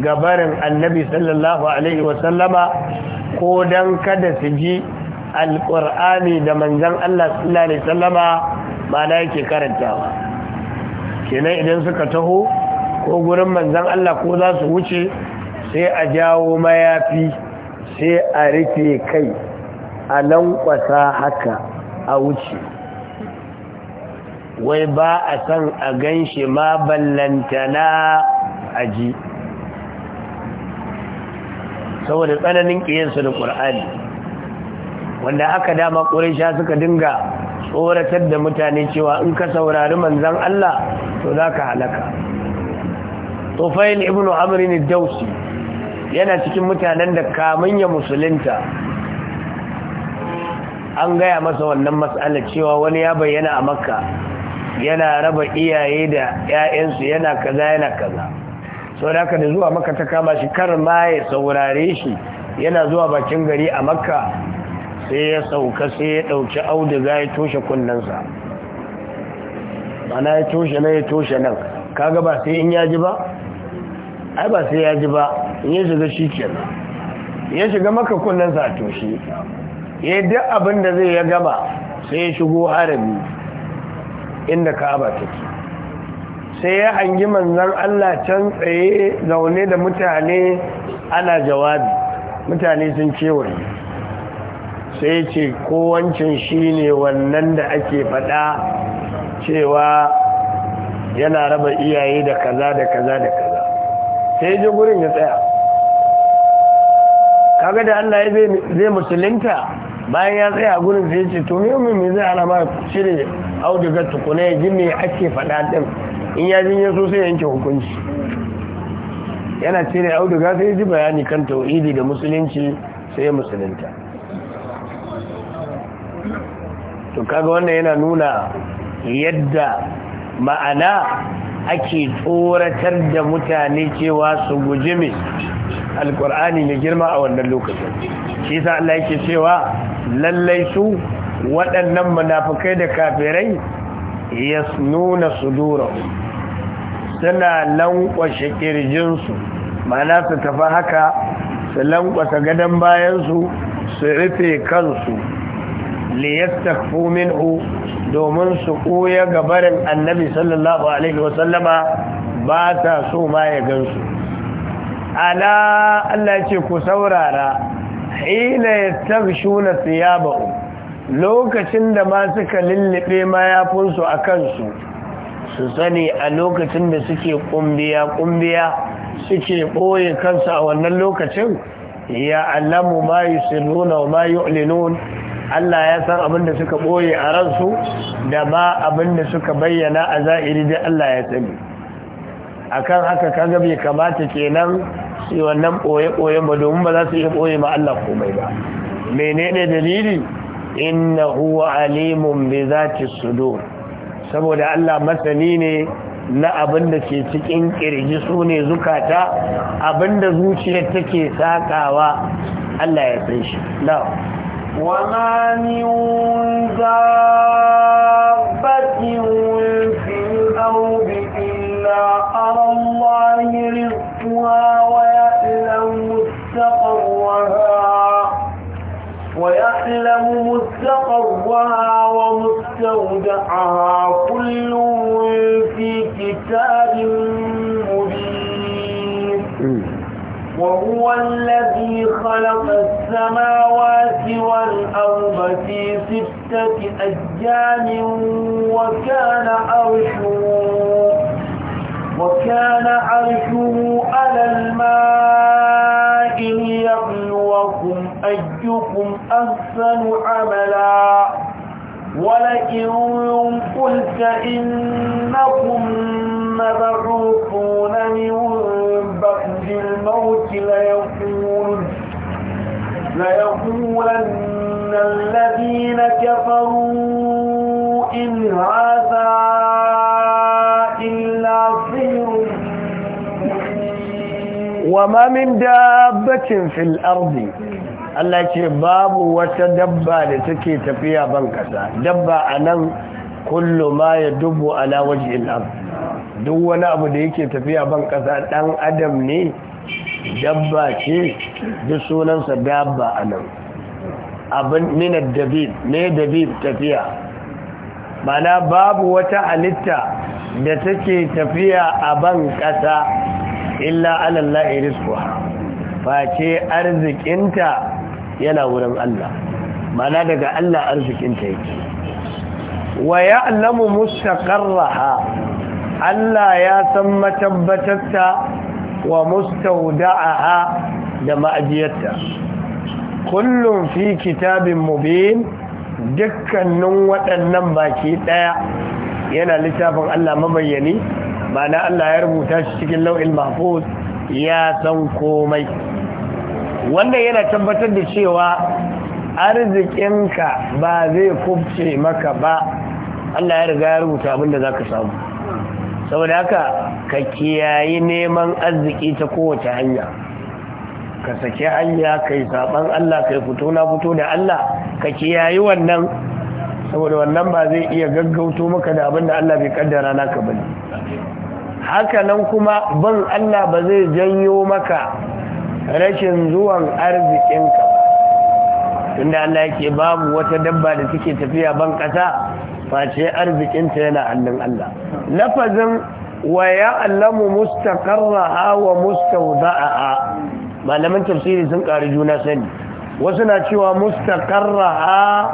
gabarin annabi sallallahu alaihi wasallama ko don kada su ji alƙur'ani da manzan Allah sallallahu alaihi wasallama mana yake karantawa kenan idan suka taho ko gurin manzan Allah ko za su wuce sai a jawo mayafi sai a rufe kai a nan kwasa haka a wuce wai ba a san a gan shi ma ballantana a ji saboda tsananin ƙiyarsu da ƙur'ani wanda aka dama ƙurisha suka dinga tsoratar da mutane cewa in ka saurari manzan Allah to za ka halaka tufail ibn amrin dausi yana cikin mutanen da kamun ya musulunta an gaya masa wannan matsala cewa wani ya bayyana a makka yana raba iyaye da 'ya'yansu yana kaza yana kaza sau da aka da zuwa makka ta kama shi kar ma ya saurare shi yana zuwa bakin gari a makka sai ya sauka sai ya ɗauki za ya toshe kunnensa mana ya toshe na ya toshe nan kaga ba sai in yaji ba ai ba sai yaji ba in ya shiga shi kenan ya shiga maka kunnen sa toshe ya yi duk abin da zai ya gaba sai ya shigo harami inda ka'aba take sai ya hangi manzan Allah can tsaye zaune da mutane ana jawabi mutane sun kewaye sai ce kowancin shi ne wannan da ake faɗa cewa yana raba iyaye da kaza da kaza da kaza sai ji gurin ya tsaya kaga da Allah zai musulunta bayan ya tsaya gurin sai ce to ne mai zai ana ma cire tukuna ya ji me ake faɗa ɗin in ya jin yaso sai yanke hukunci yana cire auduga sai ji bayani kan tauhidi da musulunci sai musulunta to kaga wannan yana nuna yadda ma'ana ake tsoratar da mutane cewa su guji mai alkur'ani mai girma a wannan lokacin shi sa Allah yake cewa lallai su waɗannan munafukai da kafirai yasnuna sudurahum suna lankwashe kirjinsu ma'ana su tafi haka su lankwasa gadon bayansu su rufe kansu liyastakfu minhu domin su koya gabarin annabi sallallahu alaihi wasallama ba ta so ma ya gansu ala Allah ce ku saurara hila yatabshuna thiyabahum lokacin da ma suka lullube mayafin su akan su su sani a lokacin da suke kumbiya kumbiya suke ɓoye kansu a wannan lokacin ya alamu ma yusirruna wa ma yu'linun Allah ya san abin da suka boye a ransu da ma abin da suka bayyana a zahiri dai Allah ya sani akan haka kaga bai kamata kenan su wannan ɓoye-ɓoyen ba domin ba za su iya ɓoye ma Allah komai ba menene dalili inna huwa alimun bi zati sudur saboda Allah masani ne na abin da ke cikin kirji sune zukata abin da zuciyar take sakawa Allah ya san shi na'am
وما على الله رزقها ويعلم مستقرها ويعلم مستقرها ومستودعها كل في كتاب مبين وهو الذي خلق السماوات والأرض في ستة أيام وكان أرشه وكان عرشه على الماء ليبلوكم أيكم أحسن عملا ولئن قلت إنكم مبعوثون من بعد الموت ليقولن الذين كفروا إن هذا
wa ma min Allah ce babu wata dabba da take tafiya ban kasa dabba anan kullu ma yadubu ala wajhil ard duk wani abu da yake tafiya ban kasa dan adam ne dabba ce duk sunansa dabba anan abin min dabib ne dabib tafiya mana babu wata halitta da take tafiya a ban ƙasa illa alallahi rizquha face arzikinta yana wurin Allah mana daga Allah arzikinta yake wa ya'lamu mustaqarraha Allah ya san matabbatarta wa mustawda'aha da ma'ajiyarta kullum fi kitabin mubin dukkanin waɗannan baki ɗaya yana littafin Allah mabayyani ma'ana Allah ya rubuta shi cikin lau'il mahfuz ya san komai wannan yana tabbatar da cewa arzikinka ba zai kubce maka ba Allah ya riga ya rubuta abin da zaka samu saboda haka ka kiyayi neman arziki ta kowace hanya ka saki hanya kai saban Allah kai fito na fito da Allah ka kiyayi wannan saboda wannan ba zai iya gaggauto maka da abin da Allah bai kaddara naka bane haka nan kuma ban Allah ba zai janyo maka rashin zuwan arzikinka tunda Allah yake babu wata dabba da take tafiya ban kasa face arzikinta yana hannun Allah lafazin wa ya'lamu mustaqarraha wa mustawda'aha malaman tafsiri sun ƙari juna sani wasu na cewa mustaqarraha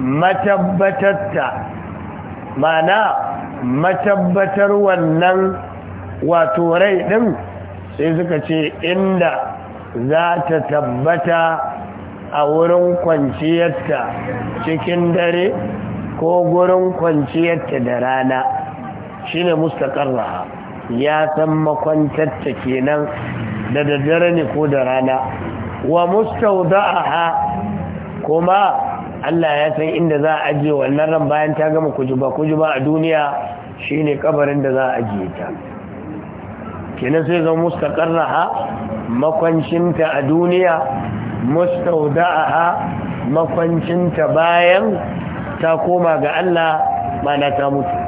matabbatarta ma'ana matabbatar wannan wato rai ɗin sai suka ce inda za ta tabbata a wurin kwanciyarta cikin dare ko gurin kwanciyarta da rana shi ne ya san makwantarta kenan da daddare ne ko da rana wa mustauda kuma Allah ya san inda za a ajiye wannan ran bayan ta gama kujuba kujuba a duniya shine kabarin da za a ajiye ta kenan sai zama mustaqarraha makwancinta a duniya mustawda'aha makwancinta bayan ta koma ga Allah mana ta mutu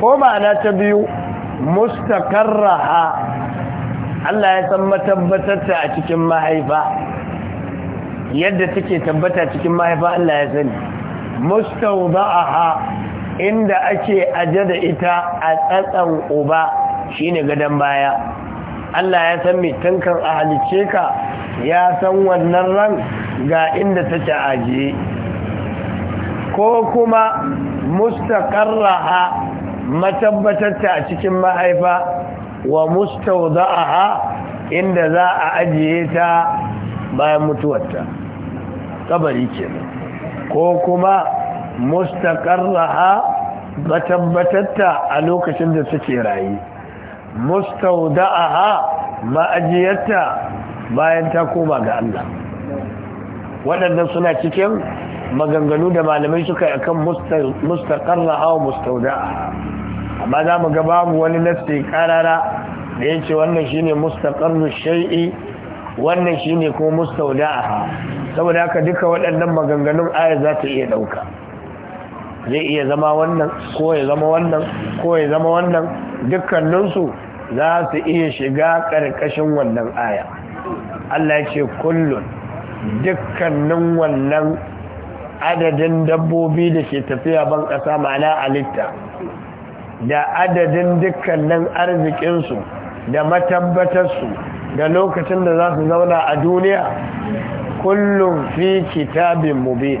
ko ma'ana ta biyu mustaqarraha Allah ya san matabbatar ta a cikin mahaifa yadda take tabbata cikin mahaifa Allah ya sani mustawda'aha inda ake aje da ita a tsatsan uba shine gadan baya Allah ya san me tankan a ka ya san wannan ran ga inda take ajiye, ko kuma mustaqarraha ta a cikin mahaifa wa mustawda'aha inda za a ajiye ta bayan mutuwarta kabari ke ko kuma ba tabbatatta a lokacin da suke rayu mustawda'aha ma'ajiyarta bayan ta koma ga Allah waɗannan suna cikin maganganu da malamai suka yi akan mustaƙarraha wa mustawda'aha amma za mu ga babu wani nasi ƙarara. da yace wannan shine mustaqarru shay'i wannan shi ne shine a mustaudaha saboda haka duka waɗannan maganganun aya za ta iya ɗauka zai iya zama wannan ko ya zama wannan ko ya zama wannan dukkaninsu za su iya shiga ƙarƙashin wannan aya Allah ce kullum dukkanin wannan adadin dabbobi da ke tafiya ban ƙasa ma'ana alitta da adadin dukkanin arzikinsu da matabbatarsu ga lokacin da za su zauna a duniya kullum fi kitabin mubin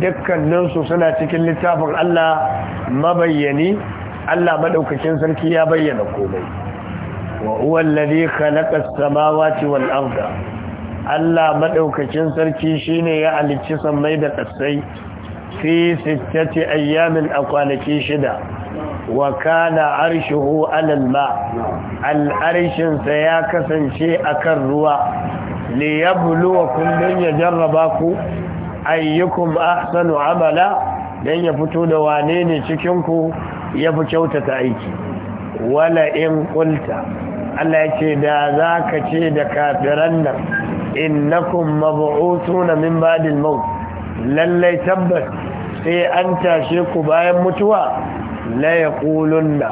dukkaninsu suna cikin littafin Allah mabayyani Allah maɗaukakin sarki ya bayyana komai wa huwa alladhi khalaqa as-samawati wal arda Allah maɗaukakin sarki shine ya alici sammai da ƙasai fi sittati ayyamin a kwanaki shida wa kana arshuhu alal ma al'arshinsa ya kasance akan ruwa Liya buluwa, don ya jarraba ku ayyukun ahsanu amala don ya fito da wane ne cikin ku ya fi kyautata aiki wala in qulta Allah ya ce da zaka ce da kafiran nan innakum mab'utuna min ba'dil maut lallai tabbas sai an tashe ku bayan mutuwa la yaqulunna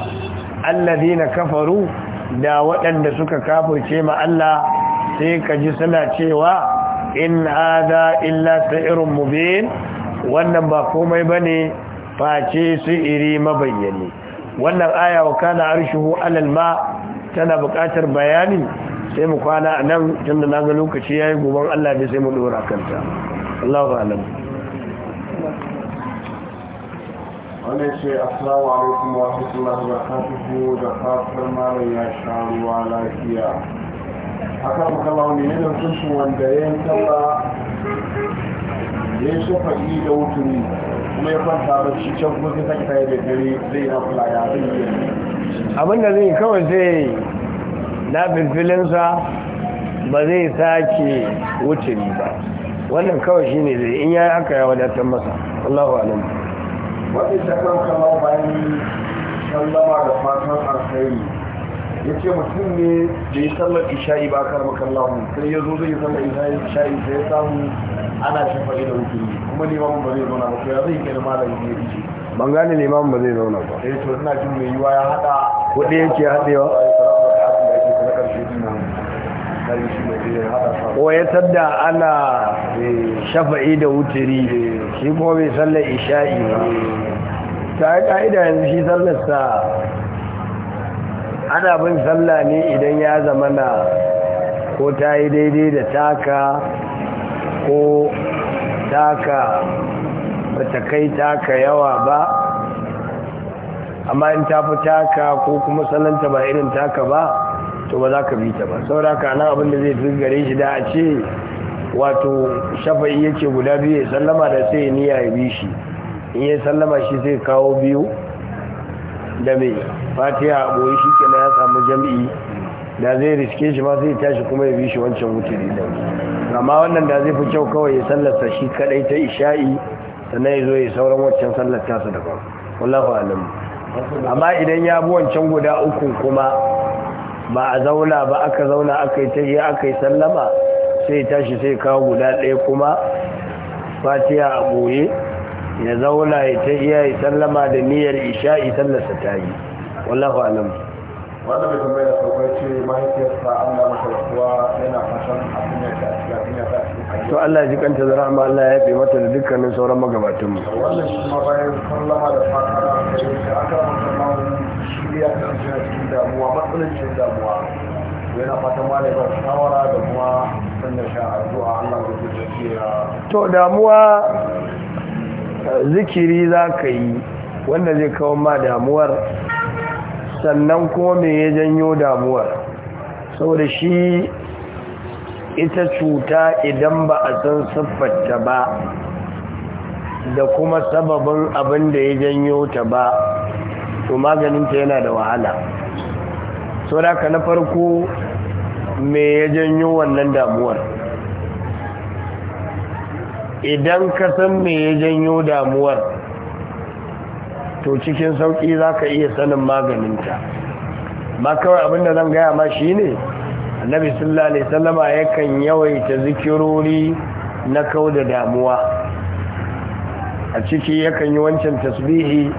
alladhina kafaru da waɗanda suka kafurce ma Allah sai ka ji suna cewa in hada illa sa'irun mubin wannan ba komai bane face su iri mabayyane wannan aya wa kana arshuhu alal ma tana buƙatar bayani sai mu kwana nan tunda na ga lokaci yayi goban Allah da sai mu dora kanta Allahu a'lam
wannan ce assalamu alaikum wa rahmatullahi wa barakatuhu da fatar malam ya sha ruwa lafiya aka ku kama wani ne da hukuncin wanda ya yi sallah ya yi shafa da wuturi kuma ya kwanta bacci can kuma sai sake tare da dare zai na kula
ya zai yi abin da zai kawai zai na filfilinsa ba zai sake wuturi ba wannan kawai shine zai in ya haka ya wadatar masa Allahu alam
waɗanda kan kalau bayan sallama da fatan alkhairi ya ce mutum ne da ya sallar isha'i ba kar makallahu sai ya zo zai sallar isha'i sai ya samu ana shafa'i da hukumi kuma neman ba zai zauna ba ya zai kai malamin ne ya ce ban gane neman ba zai zauna ba sai eh, to ina
jin mai yiwa ya hada kuɗi yake haɗewa ko ya tadda ana eh, shafa'i da wuturi eh. shi kuma bai sallar isha'i ba ta yi yanzu shi sallarsa ana bin sallah ne idan ya zama na ko ta yi daidai da taka ko taka ba ta kai taka yawa ba amma in ta fi taka ko kuma sananta ba irin taka ba to ba za ka bi ta ba sauraka ka nan abinda zai fi gare shi da a ce wato shafa'i ya ce guda biyu ya sallama da sai niyya ya bi shi in ya sallama shi zai kawo biyu da mai fatiha a boye shi kina ya samu jam'i da zai riske shi ma sai tashi kuma ya bi shi wancan wuce da amma wannan da zai fi kyau kawai ya sallasta shi kadai ta isha'i sannan ya zo ya sauran wancan sallar su daban wallahu alam amma idan ya bi wancan guda uku kuma ba a zauna ba aka zauna aka yi ta aka yi sallama sai tashi sai kawo guda ɗaya kuma fatiya a ɓoye ya zauna ya ta iya ya sallama da niyyar isha'i sallarsa ta yi wallahu alam
wanda mai tambayar da farko ce mahaifiyarsa Allah masa rasuwa yana fashon a ya ta shiga cikin ya a cikin to Allah
ji kanta da rahama Allah ya yafe mata da dukkanin sauran magabatan mu wannan
shi ma bayan sallama da fatan da aka masa shi shirya ta cikin damuwa matsalolin damuwa
to damuwa zikiri za ka yi wanda zai kawo ma damuwar sannan kuma mai ya janyo damuwar saboda shi ita cuta idan ba a san siffarta ba da kuma sababin abin da ya janyo ta ba to maganinta yana da wahala saboda ka na farko me ya janyo wannan damuwar idan ka san me ya janyo damuwar to cikin sauki za ka iya sanin maganinta ba kawai abinda zan gaya ma shi ne annabi sallallahu alaihi sallama yakan yawaita zikirori na kau da damuwa a ciki yakan yi wancan tasbihi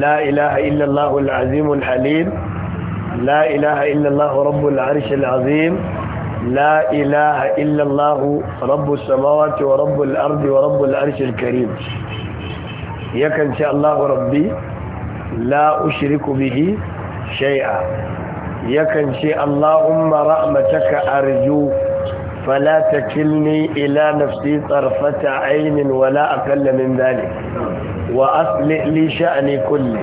la ilaha illallahul al halim لا إله إلا الله رب العرش العظيم لا إله إلا الله رب السماوات ورب الأرض ورب العرش الكريم يكن شاء الله ربي لا أشرك به شيئا يكن شاء اللهم رحمتك أرجوك فلا تكلني إلى نفسي طرفة عين ولا أقل من ذلك وأصلح لي شأني كله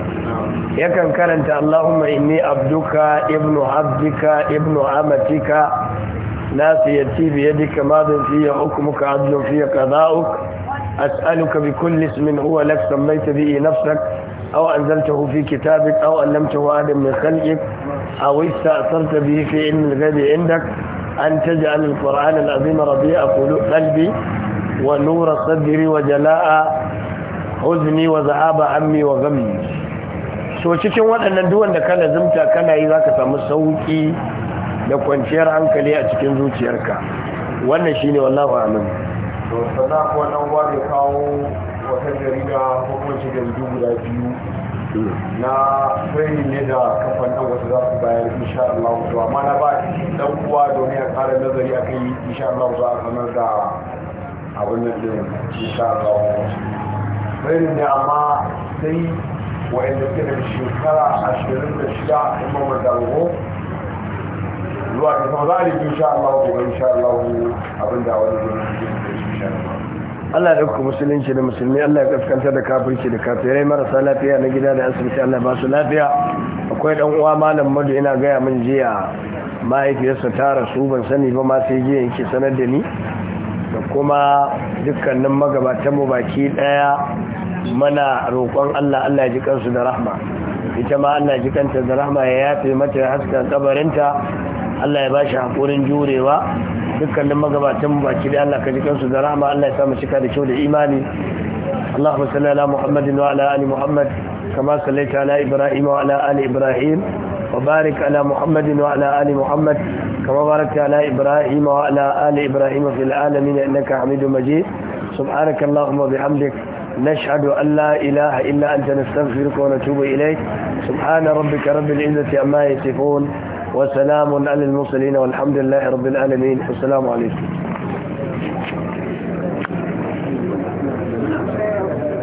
يكن كرنت اللهم إني عبدك ابن عبدك ابن عمتك ناسيتي بيدك ماض في حكمك عدل في قضاؤك أسألك بكل اسم هو لك سميت به نفسك أو أنزلته في كتابك أو علمته أحد من خلقك أو استأثرت به في علم الغيب عندك أن تجعل القرآن العظيم ربيع قلبي ونور صدري وجلاء حزني وذهاب عمي وغمي so cikin waɗannan duwanda kala zimta zumta kana yi za ka samu sauƙi da kwanciyar hankali a cikin zuciyarka wannan shine wallahu amin to sana ko nan wani
kawo wata jarida ko kuma shigar dubu da biyu na training ne da kamfanin wasu za su bayar insha Allah to amma na ba dan uwa domin a kara nazari kai insha Allah za a sanar da abin da ke insha Allah training ne amma sai wa'anda ke da shekara ashirin da shida kuma madalgo zuwa da sama za a yi insha Allah ko insha Allah abin da wani zai yi insha Allah
Allah ya ɗauka musulunci da musulmi Allah ya kaskanta da kafirci da kafirai marasa lafiya na gida da asibiti Allah ba su lafiya akwai dan uwa malam madu ina gaya min jiya mahaifiyarsa ta rasu ban sani ba ma sai jiya yake sanar da ni da kuma dukkanin magabatan mu baki daya mana roƙon Allah Allah ji kansu da rahma ita ma Allah ji kanta da rahma ya yafe mata ya haska kabarinta Allah ya ba shi hakurin jurewa dukkanin magabatan baki da Allah ka ji kansu da rahama Allah ya samu shika da kyau da imani Allahumma salli ala Muhammadin wa ala ali Muhammad kama sallaita ala Ibrahim wa ala ali Ibrahim wa barik ala Muhammadin wa ala ali Muhammad kama barakta ala Ibrahim wa ala ali Ibrahim fil alamin innaka Hamidum Majid subhanaka Allahumma bihamdik نشهد أن لا إله إلا أنت نستغفرك ونتوب إليك سبحان ربك رب العزة عما يصفون وسلام على المرسلين والحمد لله رب العالمين والسلام عليكم